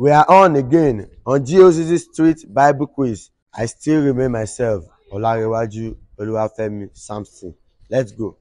We are on again on GOCC Street Bible Quiz. I still remain myself, Olarewaju Oluwafemi, Samson. Let's go.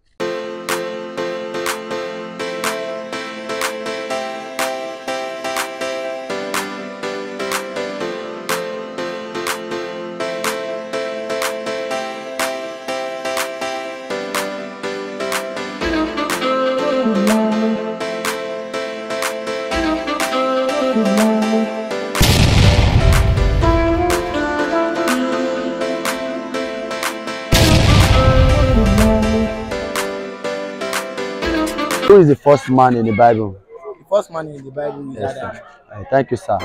the first man in the Bible? The first man in the Bible is yes, Adam. Right, thank you, sir.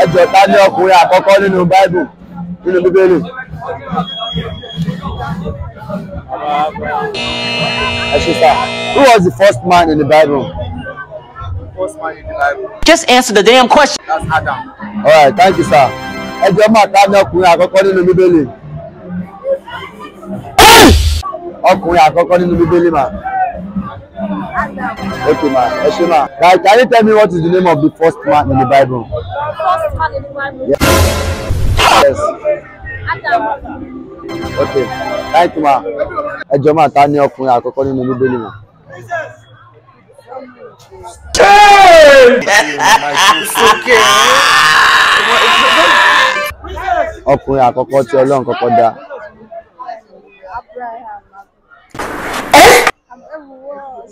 Ẹ jọ̀ọ́ ta ni ọkùnrin àkọ́kọ́ nínú Bible nínú Bíbélì? Ẹ ṣé sir. Who was the first man in the Bible? The first man in the Bible. Just answer the damn question. That's Adam. All right, thank you, sir. Ẹ jọ̀ọ́ máa ta ni ọkùnrin àkọ́kọ́ nínú Bíbélì? Ọkùnrin àkọ́kọ́ nínú Bíbélì máa. Okay, ma. Yes, ma. Now, can you tell me what is the name of the first man in the Bible? First man in the Bible. Yes. yes. Adam. Okay. Thank you, ma. Ẹ jọ̀ọ́ ma ta ni ọkùnrin àkọ́kọ́ nínú Bíbélì mọ̀. Ọkùnrin àkọ́kọ́ tí Ọlọ́run kọ́kọ́ dá.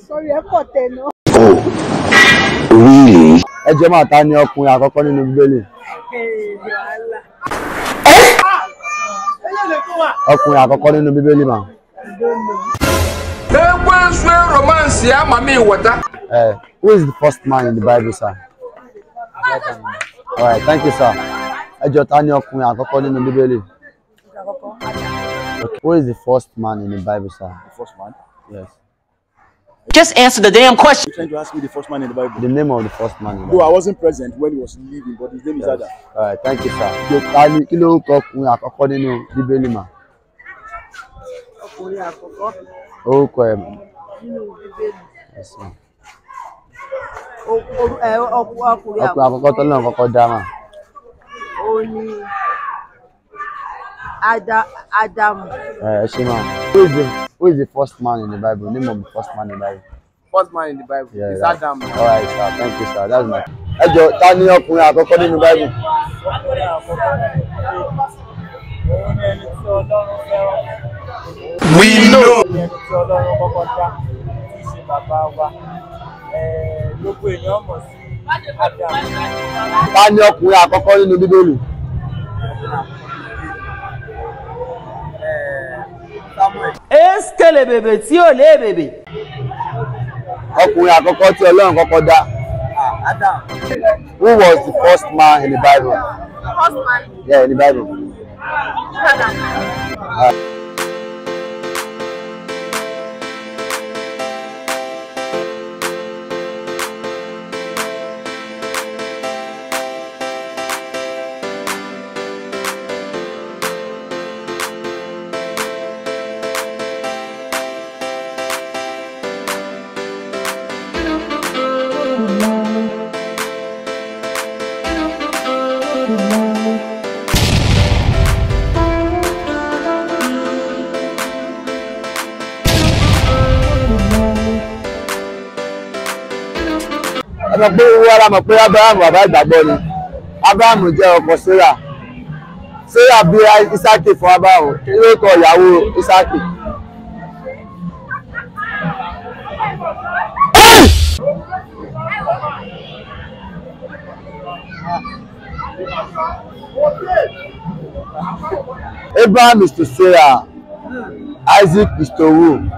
sọrí ẹ pọ̀ tẹ̀nà. Oh, really. ẹ jẹ́ máa ta ni ọkùnrin àkọ́kọ́ nínú bíbélì. Eh? ọkùnrin àkọ́kọ́ nínú bíbélì mà. Ekwensu eh, romance ya mami wọta. Who is the first man in the Bible, sir? All right, thank you, sir. Ẹ jọ̀ọ́ ta ni ọkùnrin àkọ́kọ́ nínú bíbélì? Who is the first man in the Bible, sir? The first man? Yes. Just answer the damn question. You're trying to ask me the first man in the Bible. The name of the first man No, I wasn't present when he was leaving, but his name yes. is Ada. All right, thank you, sir. Yo, ta ni kí ló ń kọ ọkùnrin àkọ́kọ́ nínú Bíbélì mà? Ọkùnrin àkọ́kọ́. Orúkọ ẹ̀ mọ̀. Nínú Bíbélì. Ọkùnrin àkọ́kọ́ tó náà kọ́kọ́ dá mà. Ó ní Ádámù. Ẹ ṣe máa. Who is the first man in the Bible? Name of the first man in the Bible. First man in the Bible yeah, is Adam. All right, sir. Thank you, sir. That's my. Ẹ ta ni ọkùnrin àkọ́kọ́ nínú Bible. We know. Ta ni ọkùnrin àkọ́kọ́ nínú Bíbélì? lè bèbè tí ò lè bèbè. ọkùnrin àkọ́kọ́ tí ọlọ́run kọ́kọ́ dá. Who was the first man in the Bible? first man? Yeah, in the Bible. Adam. Uh, mọ̀ pé wọ́n ra mọ̀ pé abrahamu bàbá ìgbàgbọ́ ni abrahamu jẹ́ ọkọ sarah sarah bí isaki fún abrahamu ilé kọ ìyàwó isaki. Abraham is to Sarah, Isaac is to who?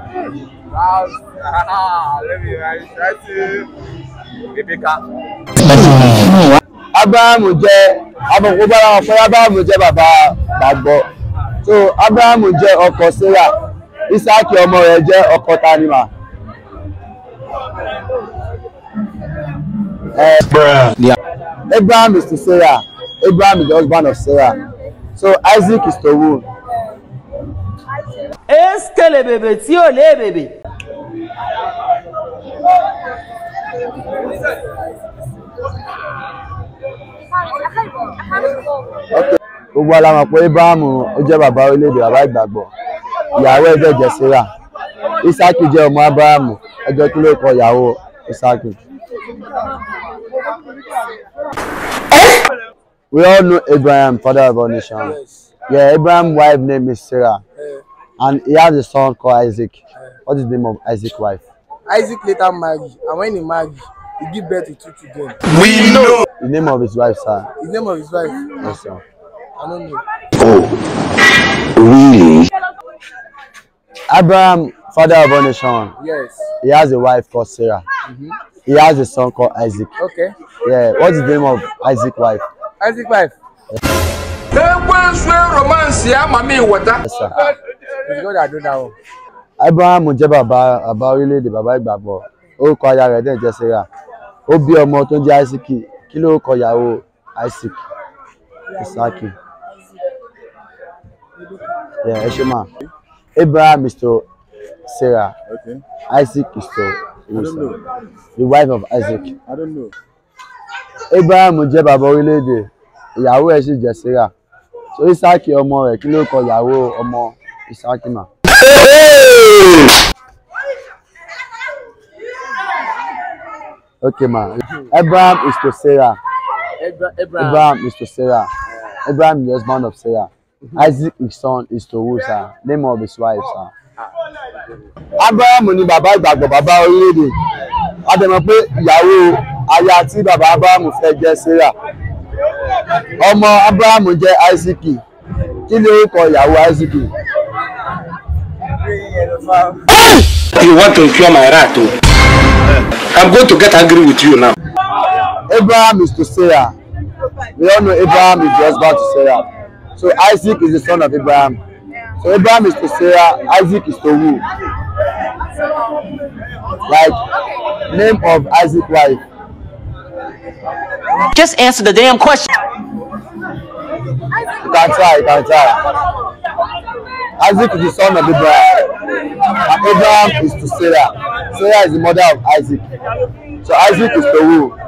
Ah, Emeka. Abrahamu jẹ́ gbogbo ara wọn fún Abrahamu jẹ́ bàbá gbàgbọ́. So Abrahamu jẹ́ ọkọ Sarah, Isaki ọmọ rẹ̀ jẹ́ ọkọ Tanima. Uh, yeah. Abraham is to Sarah. Abraham is the husband of Sarah. So Isaac is to who? Eskelebebe tí ò lébèbè. gbogbo alamọ̀ pé Abrahamu ó jẹ́ bàbá orílẹ̀ bàbá ìgbàgbọ́ ìyàwó ẹ̀ jẹ́jẹ́ Sárà Ísáàkì ọmọ Abrahamu ẹjọ́ kí ló kọ ìyàwó Ísáàkì. We all know Abraham, father of our nation. Yeah, Abraham wife name is Sarah. And he has a son called Isaac. What is the name of Isaac wife? Isaac later married, and when he married, he give birth to two children. We know. The name of his wife, sir. The name of his wife? Yes, sir. I don't know. Oh, really? Abraham, father of a nation. Yes. He has a wife called Sarah. Mm-hmm. He has a son called Isaac. Okay. Yeah. What's the name of Isaac's wife? Isaac's wife. romance ya mami wọta. Abraham jẹ́ bàbá bàbá orílẹ̀-èdè bàbá aya rẹ̀ dẹ̀ jẹ́ Sarah ó bí ọmọ tó ń Isaac kí ló kọ ìyàwó Isaac Isaac yeah, ẹ ṣe máa Abraham is to Sarah okay. Isaac is to Musa the wife of Isaac I don't know. Abraham jẹ́ bàbá orílẹ̀-èdè ìyàwó ẹ̀ sì jẹ́ Sarah so Isaac ọmọ rẹ̀ kí ló kọ ìyàwó ọmọ Isaac náà. Okay, man. Abraham is to Sarah. Abraham. Abraham is to Sarah. Abraham is the husband of Sarah. Mm-hmm. Isaac his son is to who, sir? Name of his wife, sir. Ah. Abraham ni bàbá ìgbàgbọ́ bàbá orílẹ̀-èdè. A dẹ̀ mọ̀ pé ìyàwó aya tí bàbá Abraham fẹ́ jẹ́ Sarah. Omo, Abraham jẹ́ Isaac. Kí ni orúkọ ìyàwó Isaac? You want to cure my rat too? Oh? Eh. I'm going to get angry with you now. Abraham is to Sarah. We all know Abraham is just about to Sarah. So Isaac is the son of Abraham. So Abraham is to Sarah, Isaac is to who? Like, name of Isaac wife. Just answer the damn question. You can try, you can try. Isaac is the son of Abraham. Abraham is to Sarah. Sarah is the mother of Isaac. So Isaac is the who?